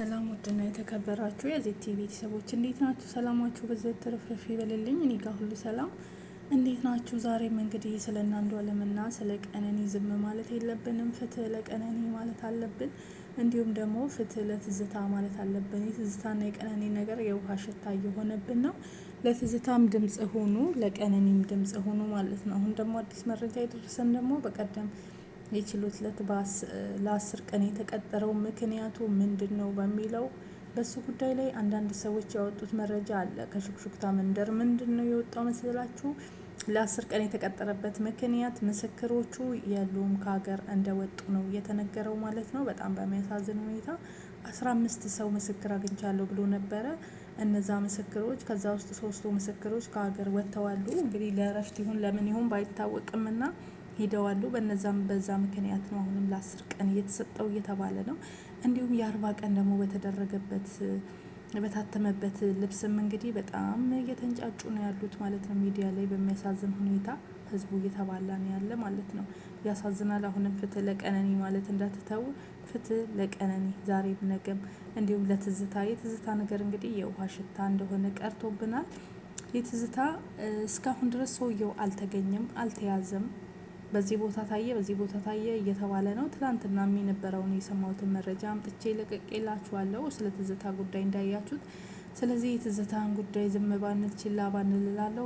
ሰላም ውድና የተከበራችሁ የዜቲ ቤተሰቦች እንዴት ናችሁ? ሰላማችሁ በዘት ትርፍርፍ ይበልልኝ። እኔ ጋር ሁሉ ሰላም። እንዴት ናችሁ? ዛሬም እንግዲህ ስለ እናንዱ አለምና ስለ ቀነኒ ዝም ማለት የለብንም። ፍትህ ለቀነኒ ማለት አለብን። እንዲሁም ደግሞ ፍትህ ለትዝታ ማለት አለብን። የትዝታና የቀነኒ ነገር የውሃ ሽታ እየሆነብን ነው። ለትዝታም ድምጽ ሆኑ፣ ለቀነኒም ድምጽ ሆኑ ማለት ነው። አሁን ደግሞ አዲስ መረጃ የደረሰን ደግሞ በቀደም የችሎት ዕለት ለአስር ቀን የተቀጠረው ምክንያቱ ምንድን ነው በሚለው በሱ ጉዳይ ላይ አንዳንድ ሰዎች ያወጡት መረጃ አለ። ከሹክሹክታ መንደር ምንድን ነው የወጣው መስላችሁ? ለአስር ቀን የተቀጠረበት ምክንያት ምስክሮቹ የሉም ከሀገር እንደወጡ ነው የተነገረው ማለት ነው። በጣም በሚያሳዝን ሁኔታ አስራ አምስት ሰው ምስክር አግኝቻለሁ ብሎ ነበረ። እነዛ ምስክሮች ከዛ ውስጥ ሶስቱ ምስክሮች ከሀገር ወጥተዋሉ። እንግዲህ ለእረፍት ይሁን ለምን ይሁን ባይታወቅምና ሄደዋሉ። በነዛም በዛ ምክንያት ነው አሁንም ለአስር ቀን እየተሰጠው እየተባለ ነው። እንዲሁም የአርባ ቀን ደግሞ በተደረገበት በታተመበት ልብስም እንግዲህ በጣም እየተንጫጩ ነው ያሉት ማለት ነው። ሚዲያ ላይ በሚያሳዝን ሁኔታ ህዝቡ እየተባላ ነው ያለ ማለት ነው። ያሳዝናል። አሁንም ፍትህ ለቀነኒ ማለት እንዳትተው፣ ፍትህ ለቀነኒ ዛሬም ነገም። እንዲሁም ለትዝታ የትዝታ ነገር እንግዲህ የውሃ ሽታ እንደሆነ ቀርቶብናል። የትዝታ እስካሁን ድረስ ሰውየው አልተገኘም፣ አልተያዘም። በዚህ ቦታ ታየ፣ በዚህ ቦታ ታየ እየተባለ ነው። ትላንትና የነበረውን የሰማሁትን መረጃ አምጥቼ ለቀቄላችኋለሁ ስለ ትዝታ ጉዳይ እንዳያችሁት። ስለዚህ የትዝታን ጉዳይ ዝም ባንል ችላ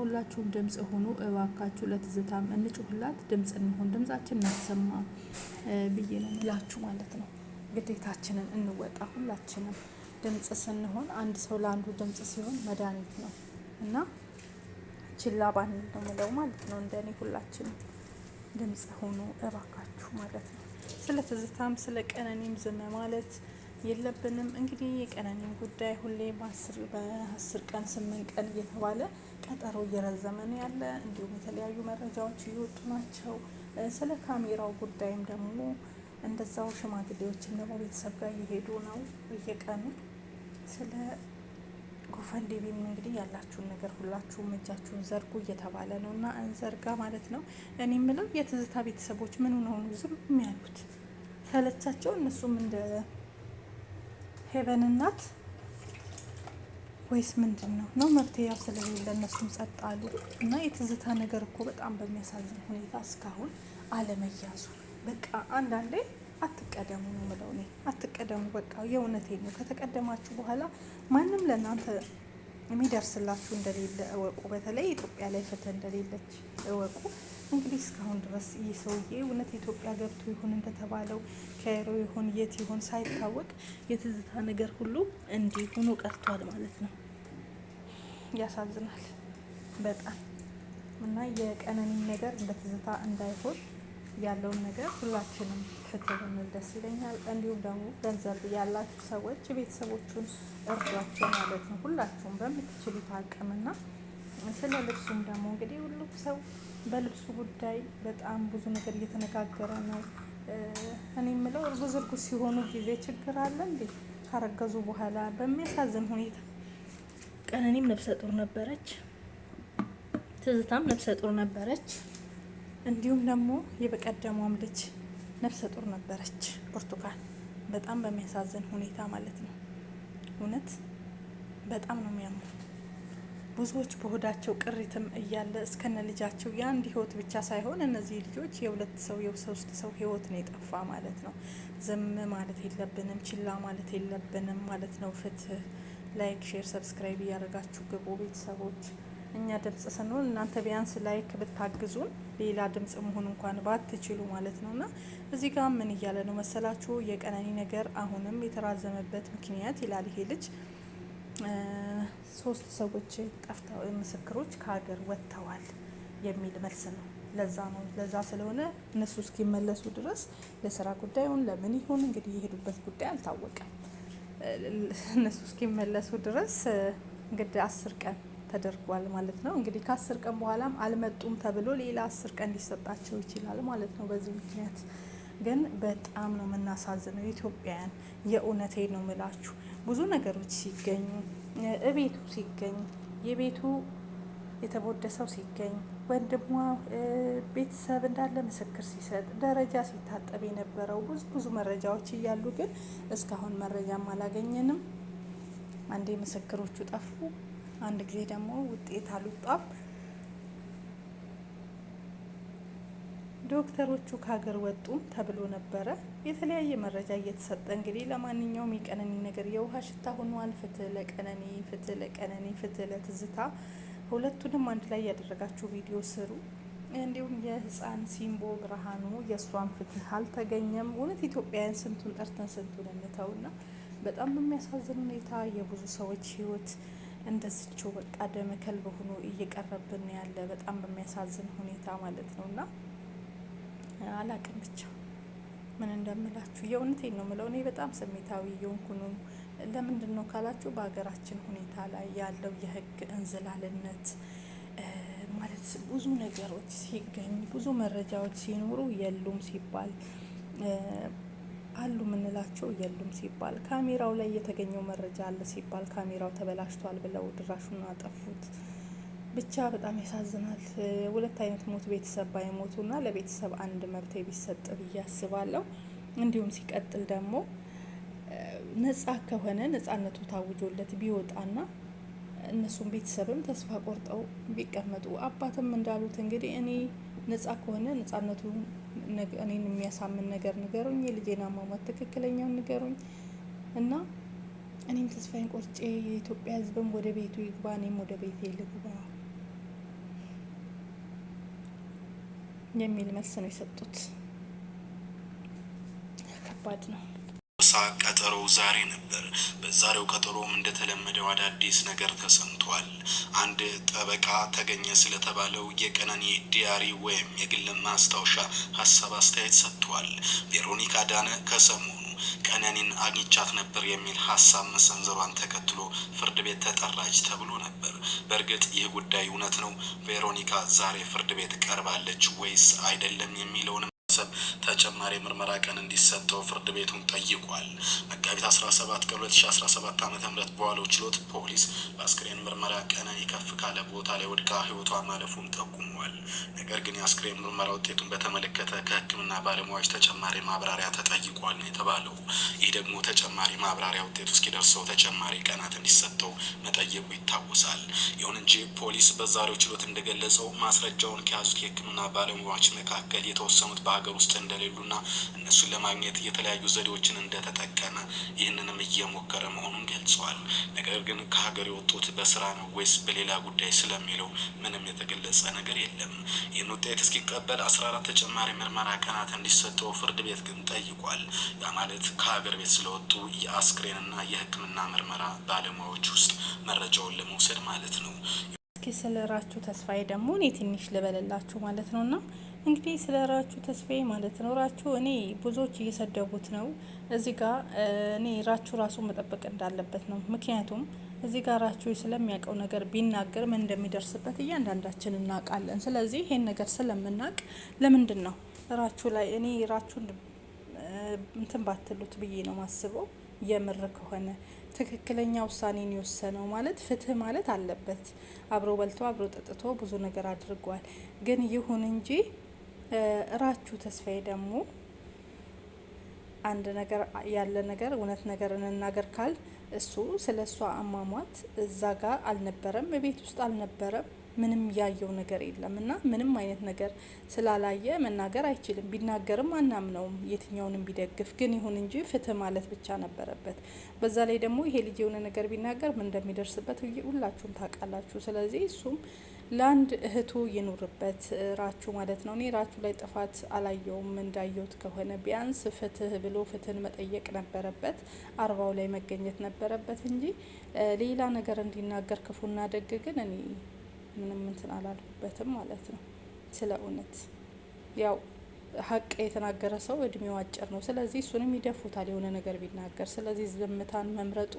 ሁላችሁም ድምጽ ሆኑ እባካችሁ፣ ለትዝታም እንጩሁላት፣ ድምጽ እንሆን፣ ድምጻችን እናሰማ ብዬ ነው ላችሁ ማለት ነው። ግዴታችንን እንወጣ ሁላችንም ድምጽ ስንሆን፣ አንድ ሰው ለአንዱ ድምጽ ሲሆን መድኃኒት ነው እና ችላ ባንል ነው ምለው ማለት ነው እንደኔ ሁላችንም ድምፅ ሆኖ እባካችሁ ማለት ነው። ስለ ትዝታም ስለ ቀነኒም ዝም ማለት የለብንም። እንግዲህ የቀነኒም ጉዳይ ሁሌ በአስር ቀን ስምንት ቀን እየተባለ ቀጠሮ እየረዘመ ነው ያለ። እንዲሁም የተለያዩ መረጃዎች እየወጡ ናቸው። ስለ ካሜራው ጉዳይም ደግሞ እንደዛው ሽማግሌዎችም ደግሞ ቤተሰብ ጋር እየሄዱ ነው እየቀኑ ስለ ቤም እንግዲህ ያላችሁን ነገር ሁላችሁም እጃችሁን ዘርጉ እየተባለ ነው እና እንዘርጋ ማለት ነው። እኔ የምለው የትዝታ ቤተሰቦች ምን ሆኑ ዝም የሚያሉት ሰለቻቸው። እነሱም እንደ ሄቨን እናት ወይስ ምንድን ነው ነው መፍትሄ ያው ስለሌለ እነሱም ጸጥ አሉ እና የትዝታ ነገር እኮ በጣም በሚያሳዝን ሁኔታ እስካሁን አለመያዙ በቃ አንዳንዴ አትቀደሙ ነው የምለው እኔ። አትቀደሙ በቃ የእውነቴን ነው። ከተቀደማችሁ በኋላ ማንም ለእናንተ የሚደርስላችሁ እንደሌለ እወቁ። በተለይ ኢትዮጵያ ላይ ፍትህ እንደሌለች እወቁ። እንግዲህ እስካሁን ድረስ ይህ ሰውዬ እውነት ኢትዮጵያ ገብቶ ይሁን እንደተባለው ካይሮ ይሁን የት ይሁን ሳይታወቅ የትዝታ ነገር ሁሉ እንዲህ ሆኖ ቀርቷል ማለት ነው። ያሳዝናል በጣም እና የቀነኒ ነገር እንደ ትዝታ እንዳይሆን ያለውን ነገር ሁላችንም ፍትህ ብንል ደስ ይለኛል። እንዲሁም ደግሞ ገንዘብ ያላችሁ ሰዎች ቤተሰቦቹን እርዷቸው ማለት ነው። ሁላችሁም በምትችሉት አቅምና ስለ ልብሱም ደግሞ እንግዲህ ሁሉም ሰው በልብሱ ጉዳይ በጣም ብዙ ነገር እየተነጋገረ ነው። እኔ የምለው እርጉዝ እርጉዝ ሲሆኑ ጊዜ ችግር አለ እንዴ? ካረገዙ በኋላ በሚያሳዝን ሁኔታ ቀነኔም ነፍሰ ጡር ነበረች፣ ትዝታም ነብሰ ጡር ነበረች። እንዲሁም ደግሞ የበቀደሟም ልጅ ነፍሰ ጡር ነበረች ብርቱካን፣ በጣም በሚያሳዝን ሁኔታ ማለት ነው። እውነት በጣም ነው የሚያምሩ ብዙዎች በሆዳቸው ቅሪትም እያለ እስከነ ልጃቸው የአንድ ህይወት ብቻ ሳይሆን እነዚህ ልጆች የሁለት ሰው የሶስት ሰው ህይወት ነው የጠፋ ማለት ነው። ዝም ማለት የለብንም፣ ችላ ማለት የለብንም ማለት ነው። ፍትህ ላይክ፣ ሼር፣ ሰብስክራይብ እያደረጋችሁ ግቡ ቤተሰቦች። እኛ ድምጽ ስንሆን እናንተ ቢያንስ ላይክ ብታግዙን ሌላ ድምጽ መሆን እንኳን ባትችሉ ማለት ነውና እዚህ ጋር ምን እያለ ነው መሰላችሁ? የቀነኒ ነገር አሁንም የተራዘመበት ምክንያት ይላል ይሄ ልጅ ሶስት ሰዎች ጠፍተው ምስክሮች ከሀገር ወጥተዋል የሚል መልስ ነው። ለዛ ነው ለዛ ስለሆነ እነሱ እስኪመለሱ ድረስ ለስራ ጉዳዩን ለምን ይሁን እንግዲህ የሄዱበት ጉዳይ አልታወቀም። እነሱ እስኪመለሱ ድረስ እንግዲህ አስር ቀን ተደርጓል ማለት ነው። እንግዲህ ከአስር ቀን በኋላም አልመጡም ተብሎ ሌላ አስር ቀን ሊሰጣቸው ይችላል ማለት ነው። በዚህ ምክንያት ግን በጣም ነው የምናሳዝነው ኢትዮጵያውያን። የእውነቴ ነው ምላችሁ ብዙ ነገሮች ሲገኙ እቤቱ ሲገኝ የቤቱ የተቦደሰው ሲገኝ ወንድሟ ቤተሰብ እንዳለ ምስክር ሲሰጥ ደረጃ ሲታጠብ የነበረው ብዙ ብዙ መረጃዎች እያሉ ግን እስካሁን መረጃም አላገኘንም። አንዴ ምስክሮቹ ጠፉ። አንድ ጊዜ ደግሞ ውጤት አልወጣም። ዶክተሮቹ ከሀገር ወጡም ተብሎ ነበረ። የተለያየ መረጃ እየተሰጠ እንግዲህ ለማንኛውም የቀነኒ ነገር የውሃ ሽታ ሆኗል። ፍትህ ለቀነኒ፣ ፍትህ ለቀነኒ፣ ፍትህ ለትዝታ። ሁለቱንም አንድ ላይ ያደረጋችሁ ቪዲዮ ስሩ። እንዲሁም የህፃን ሲምቦ ብርሃኑ የእሷን ፍትህ አልተገኘም። እውነት ኢትዮጵያውያን ስንቱን ጠርተን ስንቱን እንተውና በጣም በሚያሳዝን ሁኔታ የብዙ ሰዎች ህይወት እንደ ስቾ በቃ ደመከልብ ሆኖ እየቀረብን ያለ በጣም በሚያሳዝን ሁኔታ ማለት ነው። እና አላቅም ብቻ ምን እንደምላችሁ የእውነቴን ነው ምለው። እኔ በጣም ስሜታዊ የሆንኩኑ ለምንድን ነው ካላችሁ በሀገራችን ሁኔታ ላይ ያለው የህግ እንዝላልነት ማለት ብዙ ነገሮች ሲገኝ ብዙ መረጃዎች ሲኖሩ የሉም ሲባል አሉ የምንላቸው የሉም ሲባል ካሜራው ላይ የተገኘው መረጃ አለ ሲባል ካሜራው ተበላሽቷል ብለው ድራሹን አጠፉት። ብቻ በጣም ያሳዝናል። ሁለት አይነት ሞት ቤተሰብ ባይሞቱና ለቤተሰብ አንድ መብት ቢሰጥ ብዬ አስባለሁ። እንዲሁም ሲቀጥል ደግሞ ነጻ ከሆነ ነጻነቱ ታውጆለት ቢወጣና እነሱም ቤተሰብም ተስፋ ቆርጠው ቢቀመጡ አባትም እንዳሉት እንግዲህ እኔ ነጻ ከሆነ ነጻነቱ እኔን የሚያሳምን ነገር ንገሩኝ፣ የልጄን አሟሟት ትክክለኛውን ንገሩኝ እና እኔም ተስፋዬን ቆርጬ የኢትዮጵያ ሕዝብም ወደ ቤቱ ይግባ፣ እኔም ወደ ቤቴ ልግባ የሚል መልስ ነው የሰጡት። ከባድ ነው። ቀጠሮው ዛሬ ነበር። በዛሬው ቀጠሮም እንደተለመደው አዳዲስ ነገር ተሰምቷል። አንድ ጠበቃ ተገኘ ስለተባለው የቀነኒ ዲያሪ ወይም የግል ማስታወሻ ሀሳብ አስተያየት ሰጥቷል። ቬሮኒካ ዳነ ከሰሞኑ ቀነኒን አግኝቻት ነበር የሚል ሀሳብ መሰንዘሯን ተከትሎ ፍርድ ቤት ተጠራች ተብሎ ነበር። በእርግጥ ይህ ጉዳይ እውነት ነው? ቬሮኒካ ዛሬ ፍርድ ቤት ቀርባለች ወይስ አይደለም የሚለውንም በማሰብ ተጨማሪ ምርመራ ቀን እንዲሰጠው ፍርድ ቤቱን ጠይቋል። መጋቢት 17 ቀን 2017 ዓ ም በዋለው ችሎት ፖሊስ በአስክሬን ምርመራ ቀንን የከፍ ካለ ቦታ ላይ ወድቃ ህይወቷ ማለፉን ጠቁመዋል። ነገር ግን የአስክሬን ምርመራ ውጤቱን በተመለከተ ከህክምና ባለሙያዎች ተጨማሪ ማብራሪያ ተጠይቋል ነው የተባለው። ይህ ደግሞ ተጨማሪ ማብራሪያ ውጤቱ እስኪደርሰው ተጨማሪ ቀናት እንዲሰጠው መጠየቁ ይታወሳል። ይሁን እንጂ ፖሊስ በዛሬው ችሎት እንደገለጸው ማስረጃውን ከያዙት የህክምና ባለሙያዎች መካከል የተወሰኑት በሀገር ሀገር ውስጥ እንደሌሉና እነሱን ለማግኘት የተለያዩ ዘዴዎችን እንደተጠቀመ ይህንንም እየሞከረ መሆኑን ገልጸዋል። ነገር ግን ከሀገር የወጡት በስራ ነው ወይስ በሌላ ጉዳይ ስለሚለው ምንም የተገለጸ ነገር የለም። ይህን ውጤት እስኪቀበል አስራ አራት ተጨማሪ ምርመራ ቀናት እንዲሰጠው ፍርድ ቤት ግን ጠይቋል። ያ ማለት ከሀገር ቤት ስለወጡ የአስክሬንና የሕክምና ምርመራ ባለሙያዎች ውስጥ መረጃውን ለመውሰድ ማለት ነው። እስኪ ተስፋዬ ደግሞ እኔ ትንሽ ልበልላችሁ ማለት ነውና እንግዲህ ስለ ራችሁ ተስፋዬ ማለት ነው። ራችሁ እኔ ብዙዎች እየሰደቡት ነው። እዚህ ጋ እኔ ራችሁ ራሱ መጠበቅ እንዳለበት ነው። ምክንያቱም እዚህ ጋ ራችሁ ስለሚያውቀው ነገር ቢናገር ምን እንደሚደርስበት እያንዳንዳችን እናውቃለን። ስለዚህ ይሄን ነገር ስለምናውቅ ለምንድን ነው ራችሁ ላይ እኔ ራችሁ እንትን ባትሉት ብዬ ነው ማስበው። የምር ከሆነ ትክክለኛ ውሳኔን የወሰነው ማለት ፍትህ ማለት አለበት። አብሮ በልቶ አብሮ ጠጥቶ ብዙ ነገር አድርጓል። ግን ይሁን እንጂ እራቹ ተስፋዬ ደግሞ አንድ ነገር ያለ ነገር እውነት ነገር እንናገር ካል እሱ ስለ እሷ አሟሟት እዛ ጋር አልነበረም፣ ቤት ውስጥ አልነበረም። ምንም ያየው ነገር የለም እና ምንም አይነት ነገር ስላላየ መናገር አይችልም። ቢናገርም አናምነውም የትኛውንም ቢደግፍ ግን ይሁን እንጂ ፍትህ ማለት ብቻ ነበረበት። በዛ ላይ ደግሞ ይሄ ልጅ የሆነ ነገር ቢናገር ምን እንደሚደርስበት ሁላችሁም ታውቃላችሁ። ስለዚህ እሱም ለአንድ እህቱ ይኑርበት ራቹ ማለት ነው። እኔ ራቹ ላይ ጥፋት አላየውም። እንዳየሁት ከሆነ ቢያንስ ፍትህ ብሎ ፍትህን መጠየቅ ነበረበት፣ አርባው ላይ መገኘት ነበረበት እንጂ ሌላ ነገር እንዲናገር ክፉና ደግ ግን እኔ ምንም እንትን አላልኩበትም ማለት ነው። ስለ እውነት ያው ሀቅ የተናገረ ሰው እድሜው አጭር ነው። ስለዚህ እሱንም ይደፉታል የሆነ ነገር ቢናገር። ስለዚህ ዝምታን መምረጡ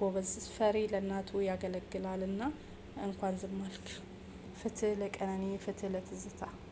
ጎበዝ፣ ፈሪ ለእናቱ ያገለግላል እና እንኳን ዝም አልክ። ፍትህ ለቀነኒ፣ ፍትህ ለትዝታ